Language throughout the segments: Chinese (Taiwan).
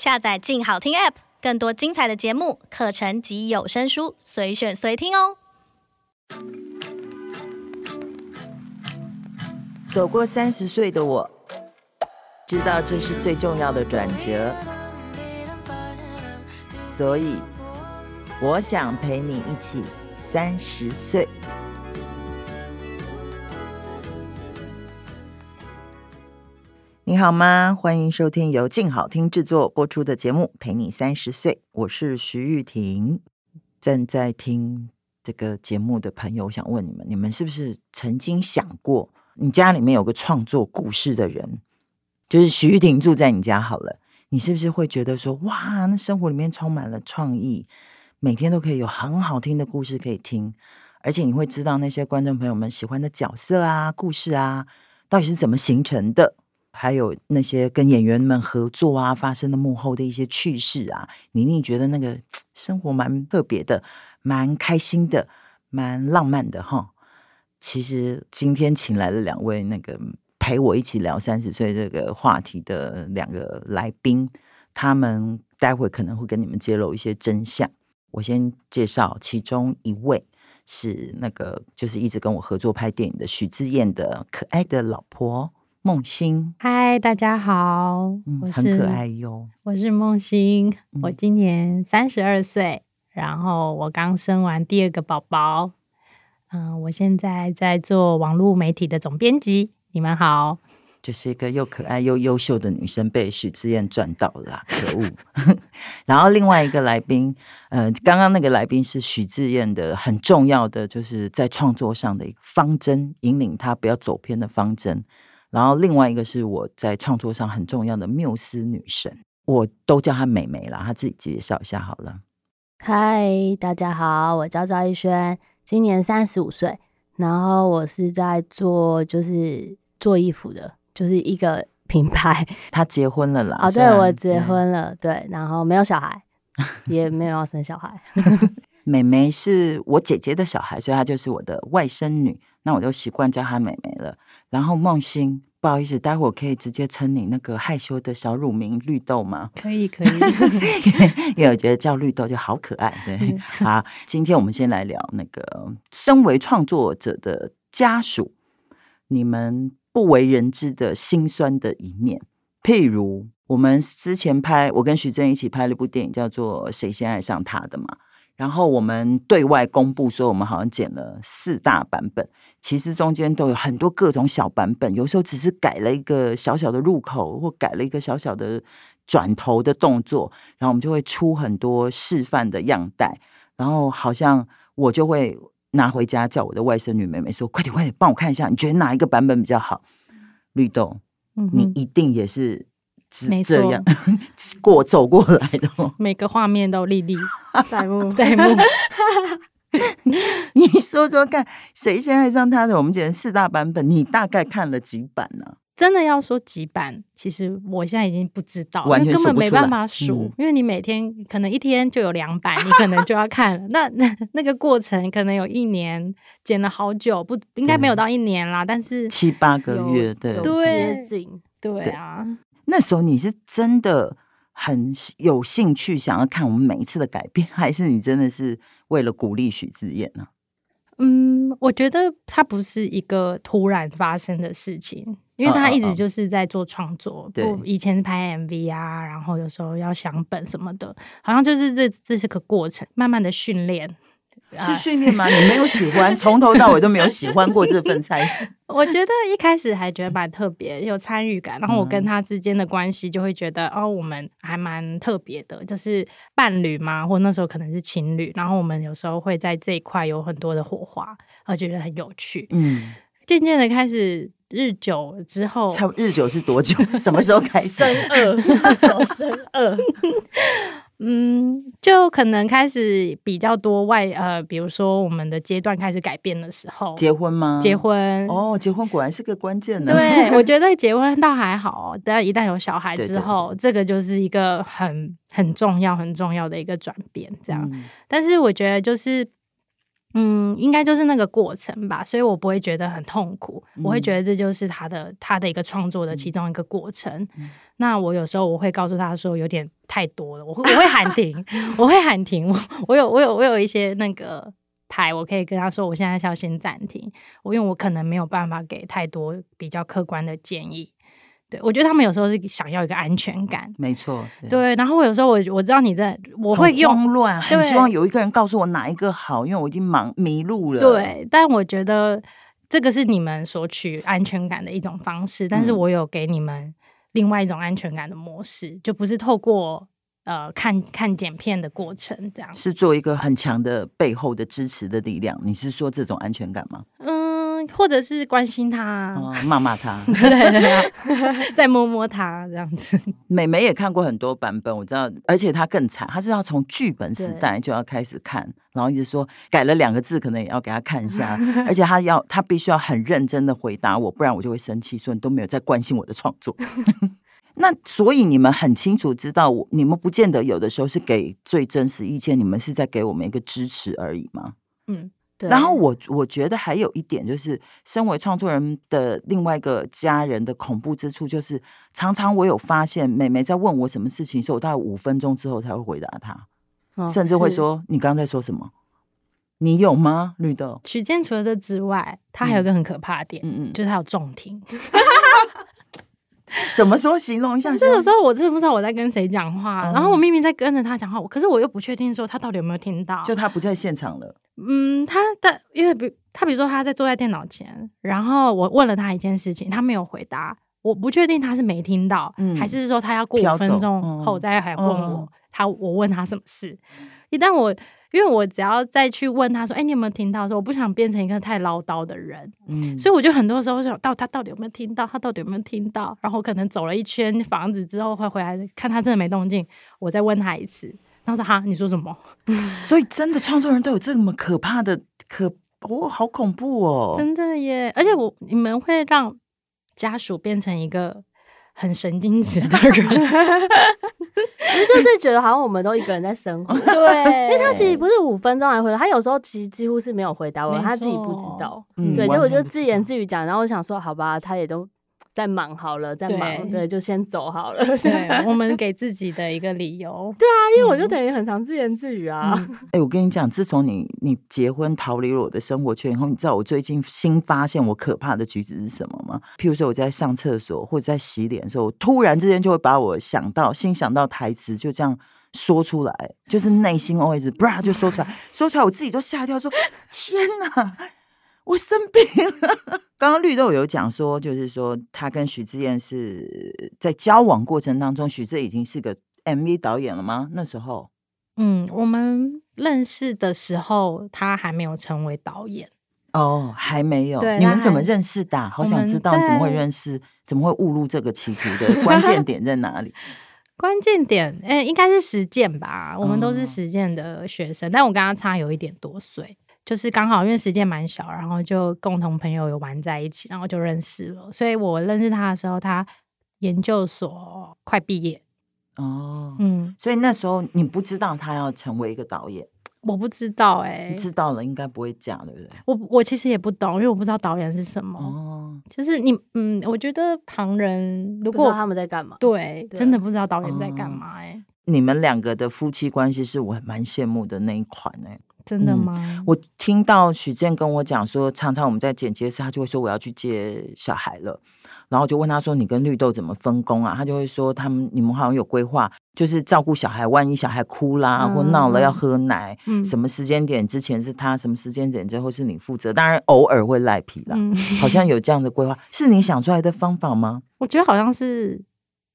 下載“鏡好聽 ”App，更多精彩的節目、課程及有聲書，隨選隨聽哦。走過三十歲的我，知道這是最重要的轉折，所以我想陪你一起三十歲。你好嗎？歡迎收聽由靜好聽制作播出的節目《陪你30歲》，我是徐譽庭。正在聽這個節目的朋友，我想問你們：你們是不是曾經想過，你家裡面有個創作故事的人，就是徐譽庭住在你家好了？你是不是會覺得說，哇，那生活裡面充滿了創意，每天都可以有很好聽的故事可以聽，而且你會知道那些觀眾朋友們喜歡的角色啊、故事啊，到底是怎麼形成的？還有那些跟演員們合作啊，發生的幕後的一些趣事啊，你一定覺得那個生活蠻特別的，蠻開心的，蠻浪漫的哈。其實今天請來了兩位那個陪我一起聊三十歲這個話題的兩個來賓，他們待會可能會跟你們揭露一些真相。我先介紹其中一位是那個就是一直跟我合作拍電影的許智彥的可愛的老婆。孟欣，嗨，Hi, 大家好，嗯、我是很可愛喲。我是孟欣，嗯、我今年三十二歲，然後我剛生完第二個寶寶。嗯、呃，我現在在做網絡媒體的總編輯。你們好，這是一個又可愛又優秀的女生，被許志燕賺到了，可惡。 然後另外一個來賓，嗯、呃，剛剛那個來賓是許志燕的很重要的，就是在創作上的一個方針，引領她不要走偏的方針。然後另外一個是我在創作上很重要的繆斯女神，我都叫她妹妹了。她自己介紹一下好了。嗨，大家好，我叫趙逸軒，今年三十五歲。然後我是在做就是做衣服的，就是一個品牌。她結婚了啦？哦，對，然我結婚了，對，對，然後沒有小孩， 也沒有要生小孩。妹 妹，妹是我姐姐的小孩，所以她就是我的外甥女，那我就習慣叫她妹妹，妹了。然後夢欣，不好意思，待會兒可以直接稱你那個害羞的小乳名綠豆嗎？可以，可以， 因為我覺得叫綠豆就好可愛。對，好，今天我們先來聊那個身為創作者的家屬，你們不為人知的心酸的一面。譬如我們之前拍，我跟徐崢一,一起拍了一部電影，叫做《誰先愛上他的》的嘛。然後我們對外公布說，我們好像剪了四大版本。其實中間都有很多各種小版本，有時候只是改了一個小小的入口，或改了一個小小的轉頭的動作，然後我們就會出很多示範的樣帶。然後好像我就會拿回家叫我的外甥女妹妹說：“快點快點，幫我看一下，你覺得哪一個版本比較好？”綠豆，嗯、哼你一定也是只這樣錯呵呵只過走過來的，每個畫面都歷歷在目在目。 在目 你說說看，誰先愛上他的？我們剪四大版本，你大概看了幾版呢、啊？真的要說幾版，其實我現在已經不知道，完全根本沒辦法數，嗯、因為你每天可能一天就有兩版，你可能就要看了。 那那個過程可能有一年，剪了好久，不應該沒有到一年啦，對但是七八個月，對，接近對，對，對啊，那時候你是真的。很有興趣想要看我們每一次的改變，還是你真的是為了鼓勵許志遠呢？嗯，我覺得他不是一個突然發生的事情，因為他一直就是在做創作，哦哦啊、對，以前拍 MV 啊，然後有時候要想本什麼的，好像就是這這是個過程，慢慢的訓練。啊、是訓練嗎？你沒有喜歡， 從頭到尾都沒有喜歡過這份差事 我覺得一開始還覺得蠻特別，有參與感。然後我跟他之間的關係就會覺得，嗯、哦，我們還蠻特別的，就是伴侶嘛，或那時候可能是情侶。然後我們有時候會在這一塊有很多的火花，我覺得很有趣。嗯，漸漸的開始，日久之後，差不多日久是多久？ 什麼時候開始生惡 生惡。 嗯，就可能開始比較多外，呃，比如說我們的階段開始改變的時候，結婚嗎？結婚。哦，結婚果然是個關鍵的。對，我覺得結婚倒還好， 但一旦有小孩之後，的這個就是一個很很重要、很重要的一個轉變。這樣，嗯、但是我覺得就是。嗯，應該就是那個過程吧，所以我不會覺得很痛苦，嗯、我會覺得這就是他的他的一個創作的其中一個過程。嗯、那我有時候我會告訴他說有點太多了，我，我會喊停 我會喊停，我會喊停。我有我有我有一些那個牌，我可以跟他說我現在要先暫停，我因為我可能沒有辦法給太多比較客觀的建議。對，我覺得他們有時候是想要一個安全感，沒錯。對，對，然後我有時候我我知道你在，我會用很慌亂，很對希望有一個人告訴我哪一個好，因為我已經忙迷路了。對，但我覺得這個是你們索取安全感的一種方式，但是我有給你們另外一種安全感的模式，嗯、就不是透過呃看看剪片的過程這樣，是做一個很強的背後的支持的力量。你是說這種安全感嗎？嗯。或者是關心他、啊哦，罵罵他 對、啊，對對對，再摸摸他這樣子。妹妹也看過很多版本，我知道，而且她更慘，她是要從劇本時代就要開始看，對 然後一直說改了兩個字，可能也要給她看一下。 而且她要，她必須要很認真的回答我，不然我就會生氣，說你都沒有在關心我的創作。 那所以你們很清楚知道，我你們不見得有的時候是給最真實意見，你們是在給我們一個支持而已嗎？嗯。對然後我我覺得還有一點就是，身為創作人的另外一個家人的恐怖之處，就是常常我有發現妹妹在問我什麼事情，所以我大概五分鐘之後才會回答她，哦、甚至會說是你剛剛在說什麼？你有嗎？綠豆取件除了這之外，他還有個很可怕的點，嗯、就是他有重聽。嗯嗯 怎麼說形容一下？這個時候我真的不知道我在跟誰講話，嗯、然後我明明在跟着他講話，可是我又不確定說他到底有沒有聽到。就他不在現場了。嗯，他在，因為比他比如說他在坐在電腦前，然後我問了他一件事情，他沒有回答，我不確定他是沒聽到，嗯、還是說他要過五分鐘、嗯、後再還問我。嗯、他我問他什麼事，一旦我。因為我只要再去問他說：“哎，你有沒有聽到的時候？”說我不想變成一個太嘮叨的人，嗯，所以我就很多時候想到他到底有沒有聽到，他到底有沒有聽到，然後我可能走了一圈房子之後會回來看他真的沒動靜，我再問他一次。他說：“哈，你說什麼？”所以真的，創作人都有這麼可怕的可，哦，好恐怖哦！真的耶，而且我，你們會讓家屬變成一個。很神經質的人， 就是覺得好像我們都一個人在生活， 對， 因為他其實不是五分鐘來回答，他有時候其實幾乎是沒有回答我，沒錯，他自己不知道，嗯對，完全不知道對，就我就自言自語講，然後我想說好吧，他也都。在忙好了，在忙，對，對，就先走好了對。我們給自己的一個理由。 對啊，因為我就等於很常自言自語啊。哎、嗯嗯欸，我跟你講，自從你你結婚逃離了我的生活圈以後，你知道我最近新發現我可怕的舉止是什麼嗎？譬如說，我在上廁所或者在洗臉的時候，我突然之間就會把我想到、心想到台詞就這樣說出來，就是內心 always BRAH， 就說出來，說出來我自己都嚇掉，說天哪！我生病了。剛剛綠豆有講說，就是說他跟許智彥是在交往過程當中，許智已經是個 MV 導演了嗎？那時候，嗯，我們認識的時候，他還沒有成為導演哦，還沒有。對你們怎麼認識的、啊？還好想知道，怎麼會認識？怎麼會誤入這個歧途的關鍵點在哪裡？ 關鍵點，哎、欸，應該是實踐吧。我們都是實踐的學生，嗯、但我跟他差有一點多歲。就是剛好，因為時間蠻小，然後就共同朋友有玩在一起，然後就認識了。所以我認識他的時候，他研究所快畢業哦，嗯，所以那時候你不知道他要成為一個導演，我不知道哎、欸，你知道了應該不會這樣對不對？我我其實也不懂，因為我不知道導演是什麼哦。就是你嗯，我覺得旁人如果他們在幹嘛，對，對真的不知道導演在幹嘛哎、欸嗯。你們兩個的夫妻關係是我蠻羨慕的那一款哎、欸。真的嗎、嗯？我聽到許健跟我講說，常常我們在剪接時，他就會說，我要去接小孩了，然後就問他說：“你跟綠豆怎麼分工啊？”他就會說：“他們你們好像有規劃，就是照顧小孩，萬一小孩哭啦、嗯、或鬧了要喝奶，嗯、什麼時間點之前是他，什麼時間點之後是你負責。當然偶爾會賴皮啦，嗯、好像有這樣的規劃，是你想出來的方法嗎？我覺得好像是。”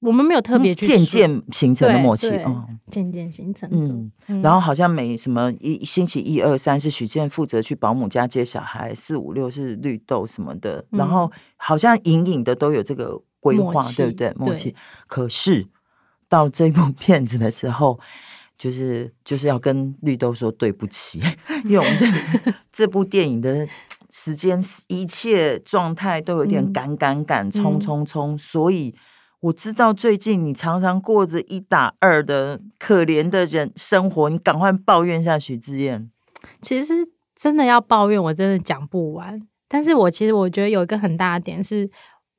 我們沒有特別去漸漸形成的默契，漸漸形成嗯，然後好像每什麼一星期一二三是許建負責去保姆家接小孩，四五六是綠豆什麼的，然後好像隱隱的都有這個規劃，對不對？默契。可是到這部片子的時候，就是就是要跟綠豆說對不起，因為我們這這部電影的時間一切狀態都有點趕趕趕、衝衝衝，所以。我知道最近你常常過着一打二的可憐的人生活，你趕快抱怨一下許志燕。其實真的要抱怨，我真的講不完。但是我其實我覺得有一個很大的點是。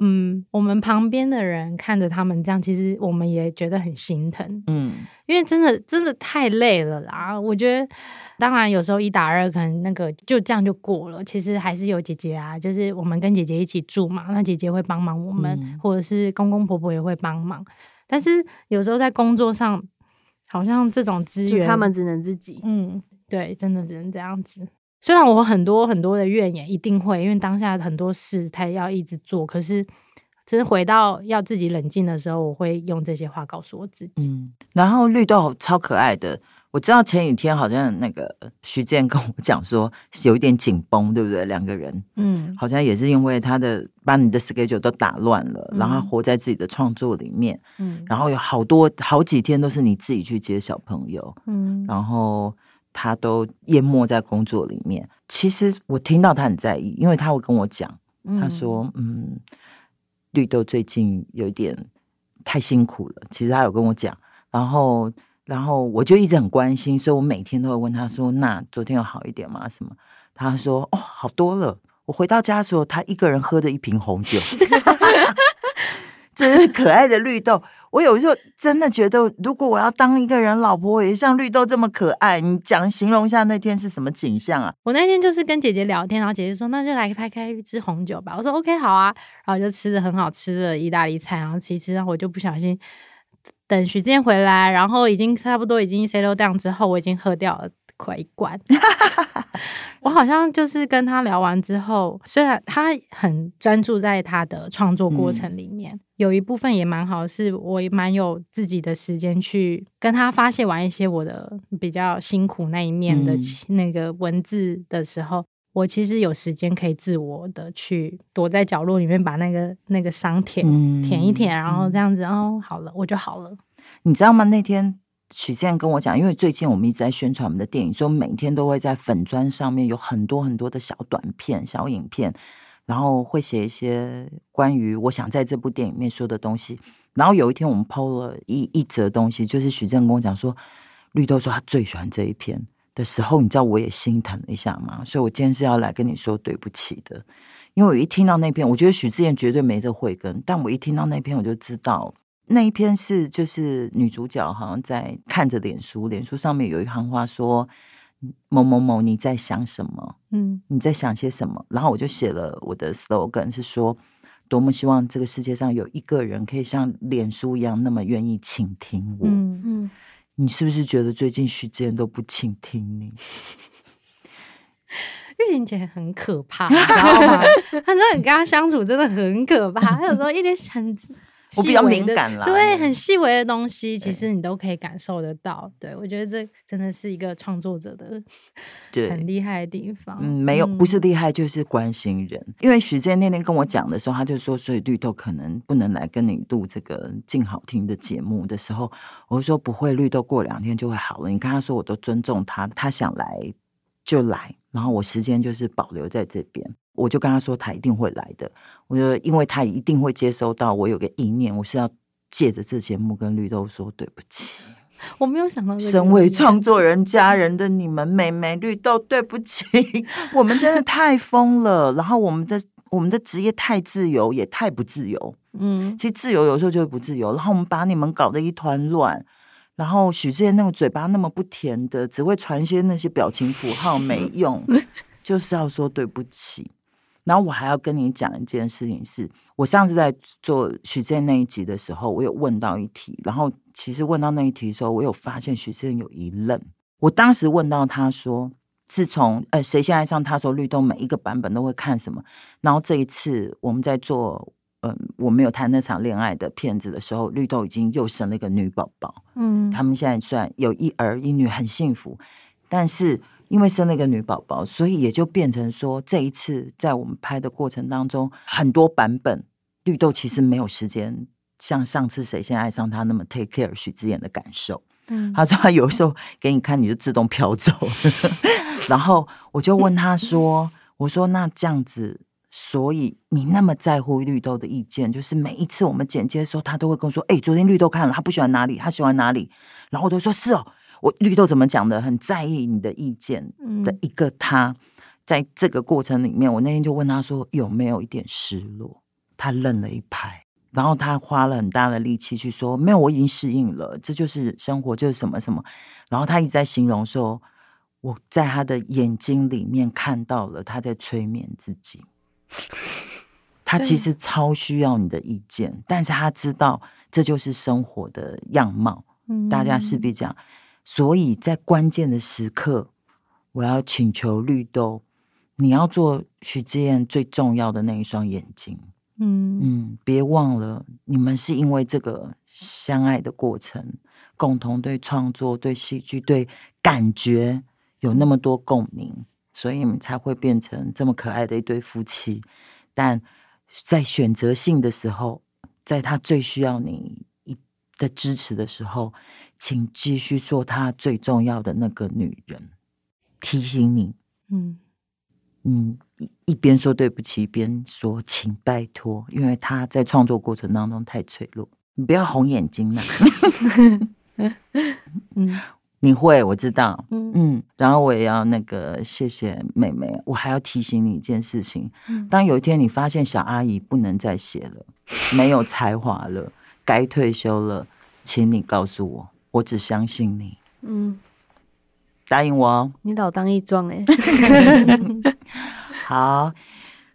嗯，我們旁邊的人看着他們這樣，其實我們也覺得很心疼。嗯，因為真的真的太累了啦。我覺得，當然有時候一打二可能那個就這樣就過了。其實還是有姐姐啊，就是我們跟姐姐一起住嘛，那姐姐會幫忙我們，嗯、或者是公公婆婆也會幫忙。但是有時候在工作上，好像這種資源，就是他們只能自己。嗯，對，真的只能這樣子。雖然我很多很多的怨言，一定會，因為當下很多事他要一直做，可是，只是回到要自己冷靜的時候，我會用這些話告訴我自己。嗯，然後綠豆超可愛的，我知道前幾天好像那個徐健跟我講說有一點緊繃，對不對？兩個人，嗯，好像也是因為他的把你的 schedule 都打亂了，嗯，然後活在自己的創作裡面，嗯，然後有好多好幾天都是你自己去接小朋友，嗯，然後。他都淹沒在工作裡面。其實我聽到他很在意，因為他會跟我講，嗯、他說：“嗯，綠豆最近有一點太辛苦了。”其實他有跟我講，然後，然後我就一直很關心，所以我每天都會問他說：“嗯、那昨天有好一點嗎？”什麼？他說：“哦，好多了。”我回到家的時候，他一個人喝着一瓶紅酒。 真是可愛的綠豆，我有時候真的覺得，如果我要當一個人老婆，我也像綠豆這麼可愛。你講形容一下那天是什麼景象啊？我那天就是跟姐姐聊天，然後姐姐說那就來拍開一支紅酒吧。我說 OK 好啊，然後就吃着很好吃的意大利菜，然後其實我就不小心等許智彥回來，然後已經差不多已經 settle down 之後，我已經喝掉了快一罐。 我好像就是跟他聊完之後，雖然他很專注在他的創作過程裡面。嗯有一部分也蠻好，是我也蠻有自己的時間去跟他發洩完一些我的比較辛苦那一面的，那個文字的時候，嗯、我其實有時間可以自我的去躲在角落裡面把那個那個傷舔舔一舔，然後這樣子、嗯、哦，好了，我就好了。你知道嗎？那天許健跟我講，因為最近我們一直在宣傳我們的電影，所以每天都會在粉專上面有很多很多的小短片、小影片。然後會寫一些關於我想在這部電影裡面說的東西。然後有一天我們拋了一一則東西，就是許正跟我講說，綠豆說他最喜歡這一篇的時候，你知道我也心疼一下嗎？所以，我今天是要來跟你說對不起的。因為我一聽到那篇，我覺得許志燕絕對沒這慧根。但我一聽到那篇，我就知道那一篇是就是女主角好像在看着臉書，臉書上面有一行話說。某某某，你在想什麼？嗯，你在想些什麼？然後我就寫了我的 slogan，是說多麼希望這個世界上有一個人可以像臉書一樣那麼願意傾聽我。嗯，嗯。你是不是覺得最近徐志都不傾聽你？玉玲姐很可怕，你知道嗎 她說你跟她相處真的很可怕，她有時候一點很。 我比較敏感啦，對，很細微的東西，對其實你都可以感受得到。對，我覺得這真的是一個創作者的對 很厲害的地方。嗯，沒有，嗯、不是厲害，就是關心人。因為徐建那天跟我講的時候，他就說，所以綠豆可能不能來跟你錄這個鏡好聽的節目的時候，我說不會，綠豆過兩天就會好了。你跟他說，我都尊重他，他想來就來，然後我時間就是保留在這邊。我就跟他說，他一定會來的。我說，因為他一定會接收到我有個意念，我是要借着這節目跟綠豆說對不起。我沒有想到，身為創作人家人的你們，妹妹綠豆，對不起，我們真的太瘋了。然後我們的我們的職業太自由，也太不自由。嗯，其實自由有時候就是不自由。然後我們把你們搞得一團亂。然後徐譽庭那個嘴巴那麼不甜的，只會傳些那些表情符號，沒用，就是要說對不起。然後我還要跟你講一件事情是，是我上次在做徐崢那一集的時候，我有問到一題，然後其實問到那一題的時候，我有發現徐崢有一愣。我當時問到他說：“自從呃誰先愛上他時候，綠豆每一個版本都會看什麼？”然後這一次我們在做嗯、呃、我沒有談那場戀愛的片子的時候，綠豆已經又生了一個女寶寶，嗯，他們現在算有一兒一女，很幸福，但是。因為生了一個女寶寶，所以也就變成說，這一次在我們拍的過程當中，很多版本綠豆其實沒有時間像上次誰先愛上他那麼 take care 許智彥的感受。嗯，他說他有時候給你看，你就自動飄走。嗯、 然後我就問他說：“我說那這樣子，所以你那麼在乎綠豆的意見，就是每一次我們剪接的時候，他都會跟我說：‘哎、欸，昨天綠豆看了，他不喜歡哪裡，他喜歡哪裡。’然後我都說是哦。”我綠豆怎麼講的？很在意你的意見的一個他，在這個過程裡面，我那天就問他說有沒有一點失落？他愣了一拍，然後他花了很大的力氣去說沒有，我已經適應了，這就是生活，就是什麼什麼。然後他一直在形容說，我在他的眼睛裡面看到了他在催眠自己，他其實超需要你的意見，但是他知道這就是生活的樣貌。大家是不是這樣？所以在關鍵的時刻，我要請求綠豆，你要做徐志彥最重要的那一雙眼睛。嗯嗯，別忘了，你們是因為這個相愛的過程，共同對創作、對戲劇、對感覺有那麼多共鳴，所以你們才會變成這麼可愛的一對夫妻。但在選擇性的時候，在他最需要你。的支持的時候，請繼續做她最重要的那個女人。提醒你，嗯，嗯，一邊說對不起，一邊說請拜託，因為她在創作過程當中太脆弱，你不要紅眼睛了。 嗯，嗯，你會，我知道。嗯，然後我也要那個謝謝妹妹，我還要提醒你一件事情，當有一天你發現小阿姨不能再寫了， 沒有才華了。該退休了，請你告訴我，我只相信你。嗯，答應我哦。你老當益壯欸！ 好。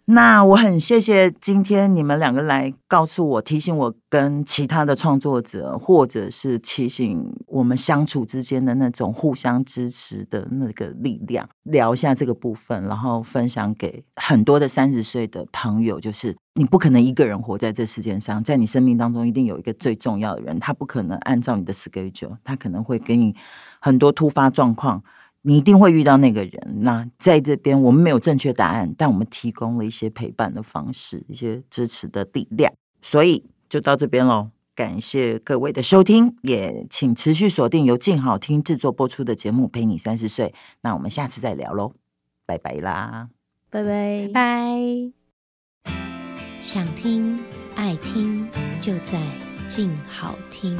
那我很謝謝今天你們兩個來告訴我、提醒我跟其他的創作者，或者是提醒我們相處之間的那種互相支持的那個力量，聊一下這個部分，然後分享給很多的三十歲的朋友，就是你不可能一個人活在這世界上，在你生命當中一定有一個最重要的人，他不可能按照你的 schedule，他可能會給你很多突發狀況。你一定會遇到那個人。那在這邊，我們沒有正確答案，但我們提供了一些陪伴的方式，一些支持的力量。所以就到這邊嘍。感謝各位的收聽，也請持續鎖定由鏡好聽製作播出的節目《陪你三十歲》。那我們下次再聊嘍，拜拜啦，拜拜拜。想聽愛聽就在鏡好聽。